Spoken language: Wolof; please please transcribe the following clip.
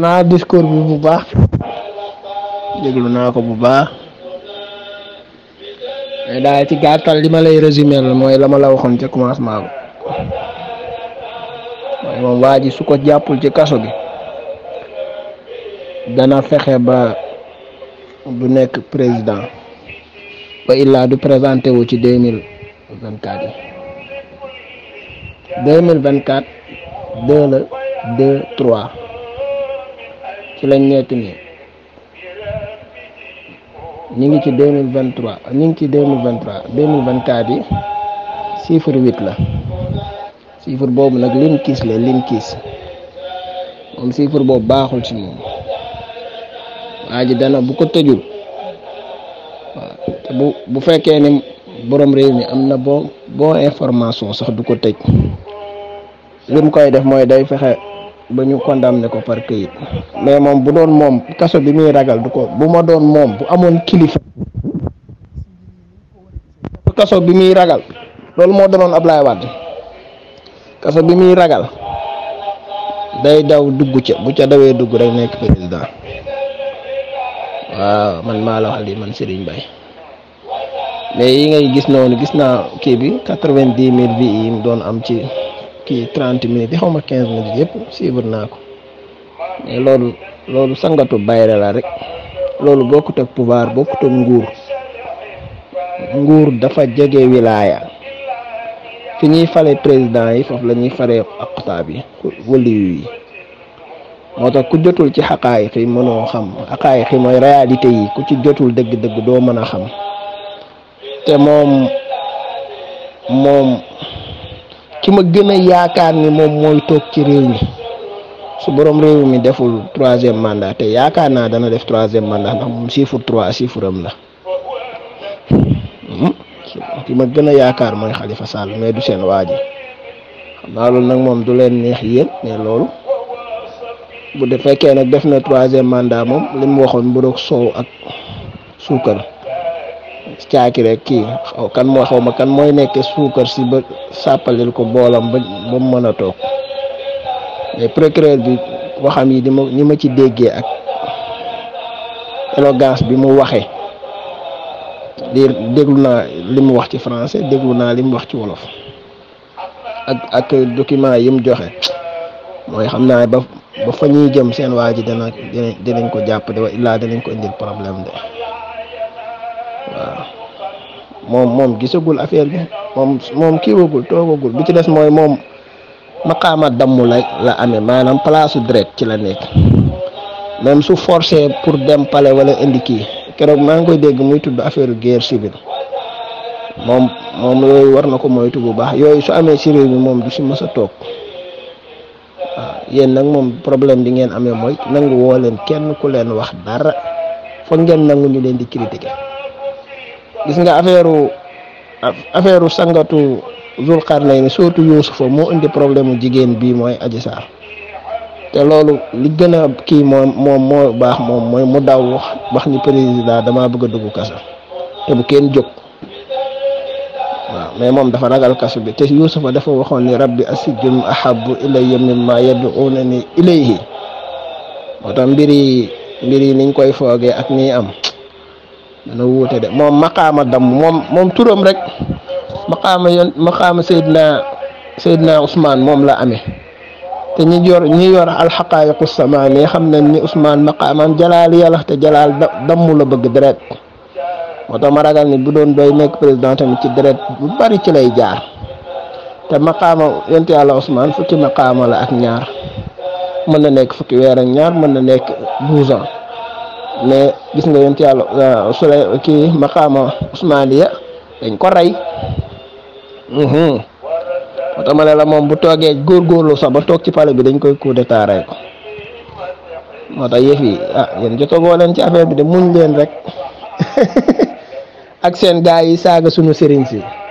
naa discours bi bu baax déglu naa ko bu baax mais daal ci gàttal li ma lay résumé la mooy la ma la waxoon ca commencement bi moom waa ji su ko jàppul ci kaso bi dana fexe ba du nekk président ba illaa du présenté wu ci deux mille vingt quatre la ci lañ nekk nii ñu ngi ci deux mille vingt trois ñu ngi ci deux mille vingt trois deux mille vingt quatre yi chiffre huit la chiffre boobu nag lim kiis la lim kiis moom chiffre boobu baaxul ci moom waa ji bu ko tëjul bu bu fekkee ni borom réew mi am na boo boo information sax du ko tëj koy def mooy day fexe. bañu condamné ko par kayit mais mom bu doon mom kaso bi mi ragal du ko bu ma doon mom bu amone kilifa kaso bi mi ragal lol mo doon ablay wad kaso bi mi ragal day daw duggu ci bu ca dawe duggu rek nek président waaw man maa la wax li man Serigne bay mais yi ngay gis non gis na ki bi 90000 bi yi doon am ci kii trente minutes yi xaw ma quinze minutes yëpp suivre naa ko mais loolu loolu sangatu bayre la rek loolu bokkut ak pouvoir bokkut ak nguur nguur dafa jege wilaaya fi ñuy fale président yi foofu lañuy ñuy fare aqtaab yi waliyu yi moo tax ku jotul ci xaqaayix yi mënoo xam xaqaayix yi mooy réalité yi ku ci jotul dëgg-dëgg doo mën a xam te moom moom ki ma gën a yaakaar ni moom mooy toog ci réew mi su borom réew mi deful troisième mandat te yaakaar naa dana def troisième mandat ndax moom chiffre trois chiffre am la hmm? ki ma gën a yaakaar mooy Khalifa Sall mais du seen waa ji xam naa loolu nag moom du leen neex yéen mais loolu bu fekkee nag def na troisième mandat moom li mu waxoon bu doog soow ak suukar. caaki rek kii xaw kan moo xaw ma kan mooy nekk suukar si ba sàppalil ko boolam ba mu mën a toog mais procureur bi waxam yi di ma ni ma ci déggee ak élégance bi mu waxee di déglu naa li mu wax ci français déglu naa li mu wax ci wolof ak ak document yi mu joxe mooy xam naa ba ba fa ñuy jëm seen waa ji dana dinañ ko jàpp de illaa danañ ko indil problème de Mom, mom, gisagul affaire bi mom, ki wogul togogul bi ci dess moy mom maqama damu la la amé manam place direct ci la nek même su forcé pour dem palais wala indi ki kérok ma ngoy dégg muy tuddu affaire guerre civile mom mom loy war nako ko moytu bu baax yoy su amé ci réew mi mom du ci mësa tok yeen nak mom problème bi ngeen amé moy nang wo len kenn ku len wax dara fo ngeen nangu ñu len di critiquer. gis nga affaire affaire sangatu Zulqarnayni surtout Yuusufa moo indi problème mu jigéen bii mooy aji Sarr te loolu li gën a kii moom moom moo baax moom mooy mu daw wax wax ni président dama bëgg a dugg kasa te bu kenn jóg waaw mais moom dafa ragal kaso bi te Yuusufa dafa waxoon ni rabbi asijjunu ahabbu ilayya mimma yad'unani ilayhi moo tax mbir yi mbir yi niñ koy foogee ak nii am dana wuute de moom maqaama damm moom moom turoom rek maqaama yoon na Seydina na Ousmane moom la amee te ñi yor yor alxaqaayiqu samaani yi xam nañ ni Ousmane maqaaman jalaal yàlla te jalaal damm la bëgg deret moo tax ma ragal ni bu doon doy nekk président tamit ci deret bu bari ci lay jaar te maqaama yonent yàlla Ousmane fukki maqaama la ak ñaar mën na nekk fukki weer ak ñaar mën na nekk douze mais gis nga yonent yàlla Sulay kii maqaama Usmaaniya dañ ko rey mhm. moo ma ne la moom bu toogee góor góorgóorlu sax ba toog ci pale bi dañ koy coup d'état ko moo tax yëf yi ah yéen jotagoo leen ci affaire bi de muñ leen rek ak seen gaa yi saaga suñu sëriñ si